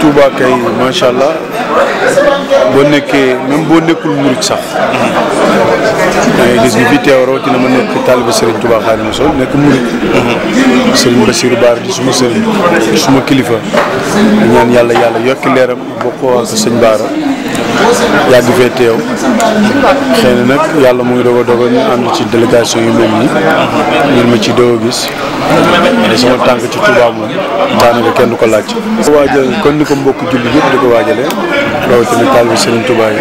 Touba kay macha allah boo nekkee même boo nekkul murit sax. gis ñu fi teew rawatina ma nekk taaliba Serigne Touba Xaadimu Rasuul nekk murit. Serigne Bassirou Baar di suma Serigne di suma kilifa. di yàlla yàlla yokki leeram bokkoo ak sëñ Baara. yàgg fee teew xëy nag yàlla muy doog a doog a ànd ci délégation yu mel nii ñun ma ci doog a gis mais sama tànk ci Touba moom daanaka kenn ko laaj. ko kon ni ko mbokk jullit yëpp di ko waajalee rawatina taalibe Serigne Touba yi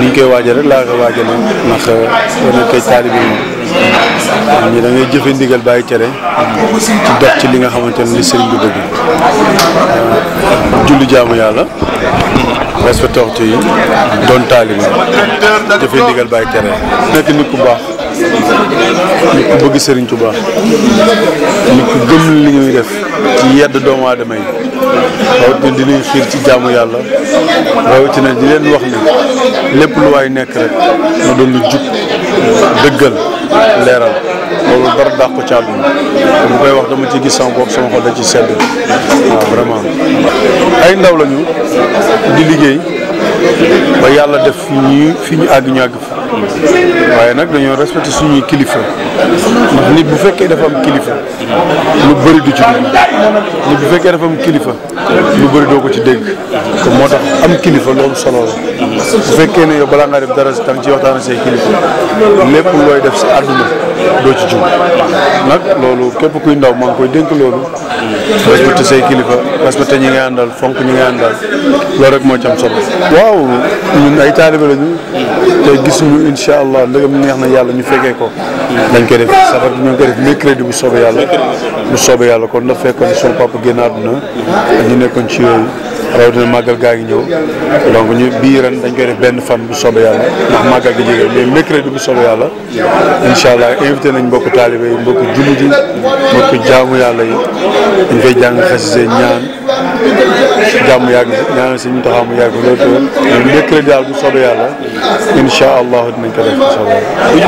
ni ñu koy waajal rek laa ko waajalee ndax danañ koy taalibe moom. ngay jëfe bàyyi cere ci li nga xamante ne li sëriñ bi bëgg julli jaamu yàlla respecté waxtu yi doon taalibe jëfee ndigal bàyyi tere nekk nit ku baax nit ku bëgg sëriñ Tuuba nit ku gëm li ñuy def ci yedd doomu aadama yi rawatina di leen xiir ci jaamu yàlla rawatina di leen wax ni lépp lu waay nekk rek na doon lu jub dëggal leeral loolu dara dàq ko ci àdduna bu koy wax dama ci gis sama bopp sama xol da ci sedd waaw vraiment ay ndaw lañu di liggéey ba yàlla def fi ñuy fii ñu àgg ñu àgg waaye nag dañoo respecté suñuy kilifa ndax nit bu fekkee dafa am kilifa lu bëri du ci dégg nit bu fekkee kilifa lu bëri doo ko ci dégg kon moo tax am kilifa loolu solo la bu fekkee ne yow balaa ngaa def dara tam ci waxtaan ak say kilifa lépp looy def si àdduna doo ci jub nag loolu képp kuy ndaw maa ngi koy dénk loolu respecté say kilifa respecté ñi nga àndal fonk ñi nga àndal loolu rek moo ci solo waaw ñun ay taalibe lañu. te gisuñu incha allah ndëgam neex na yàlla ñu fekkee ko. dañ koy def safar bi ñu ngi koy def mercredi bu soobee yàlla. bu soobee yàlla ko na fekkoon sunu papa génn àdduna. ñu nekkoon ci yooyu. rawatina màggal gaa ngi ñëw donc ñu bii ren dañ koy benn fan bu soobee yàlla ndax màggal gi jege mais mercredi bu soobee yàlla incha allah invité nañ mbokku taalibe bokku mbokku jullit yi mbokku jaamu yàlla yi dañ fay jàng xasise ñaan jàmm yàgg ñaanal si ñu taxaw mu yàgg loolu tamit mercredi daal bu soobee yàlla incha allah dinañ ko def bu